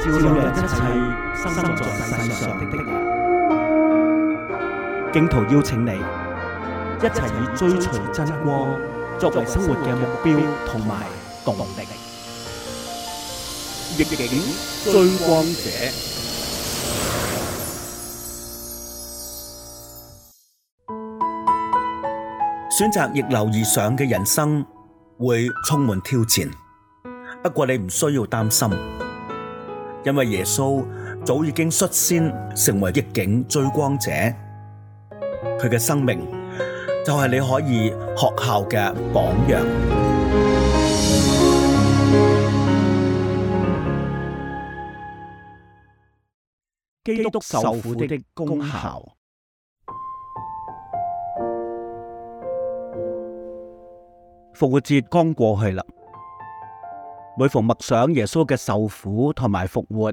照亮一切，生在世上的人。荊徒邀請你，一齊以追隨真光作為生活嘅目標同埋動力。逆境追光者，選擇逆流而上嘅人生會充滿挑戰，不過你唔需要擔心。因為耶穌早已經率先成為逆境追光者，佢嘅生命就係你可以學習嘅榜樣。基督受苦的功效。復活節剛過去啦。每逢默想耶穌嘅受苦同埋復活，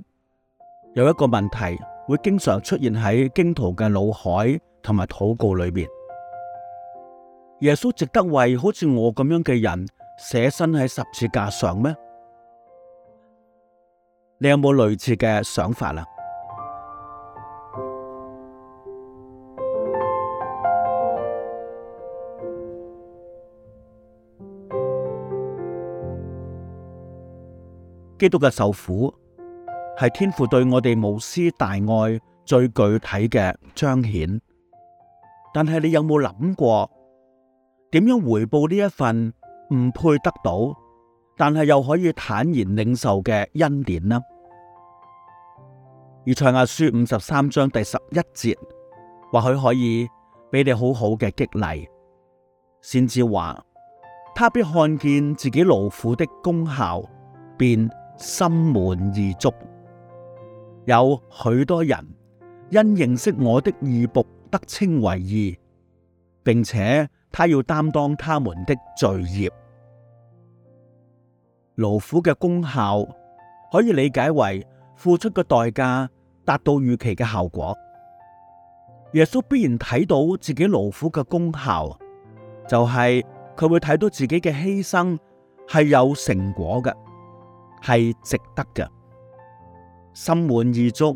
有一個問題會經常出現喺基督徒嘅腦海同埋禱告裏面：「耶穌值得為好似我咁樣嘅人捨身喺十字架上咩？你有冇類似嘅想法啊？」基督嘅受苦係天父對我哋無私大愛最具體嘅彰顯，但係你有冇諗過點樣回報呢一份唔配得到，但係又可以坦然領受嘅恩典呢？而賽亞書五十三章第十一節或許可以俾你好好嘅激勵，先至話：他必看見自己勞苦的功效，便心滿意足，有許多人因認識我的義僕得稱為義，並且他要擔當他們的罪孽。勞苦嘅功效可以理解為付出嘅代價達到預期嘅效果。耶穌必然睇到自己勞苦嘅功效，就係、是、佢會睇到自己嘅犧牲係有成果嘅。係值得嘅，心滿意足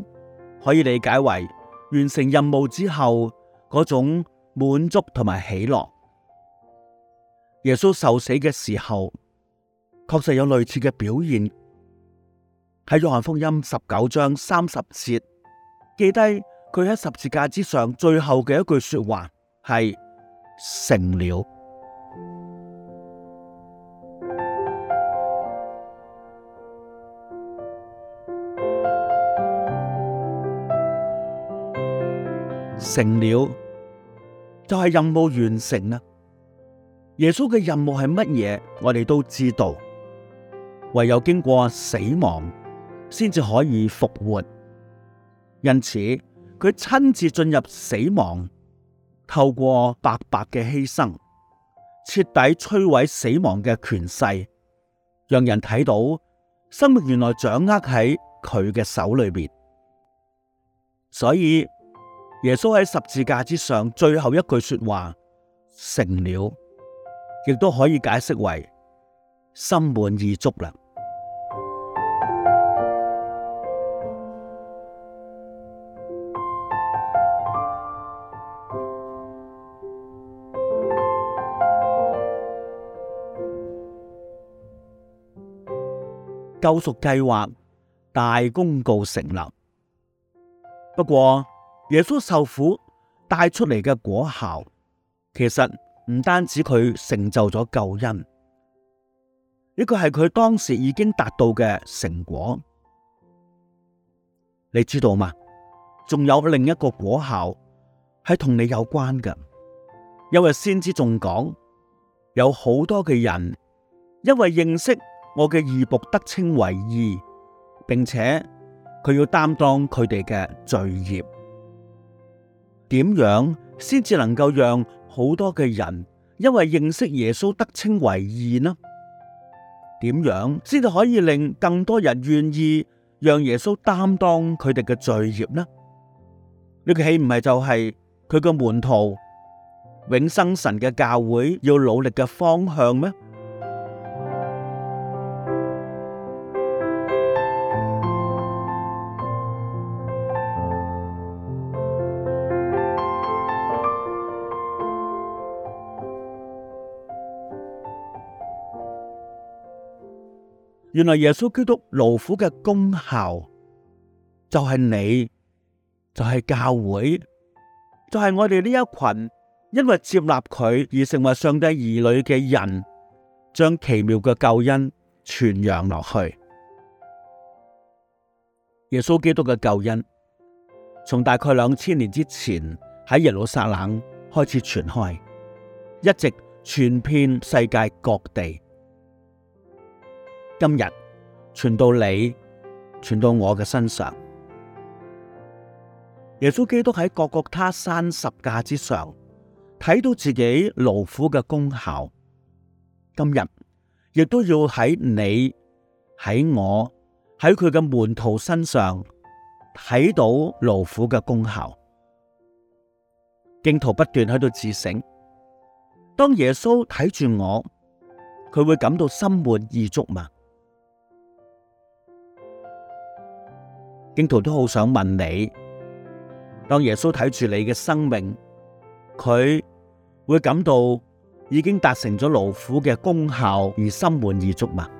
可以理解為完成任務之後嗰種滿足同埋喜樂。耶穌受死嘅時候，確實有類似嘅表現。喺約翰福音十九章三十節，記低，佢喺十字架之上最後嘅一句說話係成了。成了就係任務完成啦。耶穌嘅任務係乜嘢？我哋都知道，唯有經過死亡，先至可以復活。因此，佢親自進入死亡，透過白白嘅犧牲，徹底摧毀死亡嘅權勢，讓人睇到生命原來掌握喺佢嘅手裏邊。所以。耶穌喺十字架之上最後一句說話，成了，亦都可以解釋為心滿意足啦。救贖計劃大功告成立，不過。耶穌受苦帶出嚟嘅果效，其實唔單止佢成就咗救恩，呢個係佢當時已經達到嘅成果。你知道嗎？仲有另一個果效係同你有關嘅，因為先知仲講有好多嘅人因為認識我嘅義僕得稱為義，並且佢要擔當佢哋嘅罪孽。點樣先至能夠讓好多嘅人因為認識耶穌得稱為義呢？點樣先至可以令更多人願意讓耶穌擔當佢哋嘅罪孽呢？呢、這個豈唔係就係佢嘅門徒永生神嘅教會要努力嘅方向咩？原來耶穌基督勞苦嘅功效，就係你，就係教會，就係我哋呢一群，因為接納佢而成為上帝兒女嘅人，將奇妙嘅救恩傳揚落去。耶穌基督嘅救恩，從大概兩千年之前喺耶路撒冷開始傳開，一直傳遍世界各地。今日傳到你，傳到我嘅身上。耶穌基督喺各各他山十架之上，睇到自己勞苦嘅功效。今日亦都要喺你、喺我、喺佢嘅門徒身上睇到勞苦嘅功效。荊徒不斷喺度自省，當耶穌睇住我，佢會感到心滿意足嘛。荊徒都好想問你，當耶穌睇住你嘅生命，佢會感到已經達成咗勞苦嘅功效而心滿意足嗎？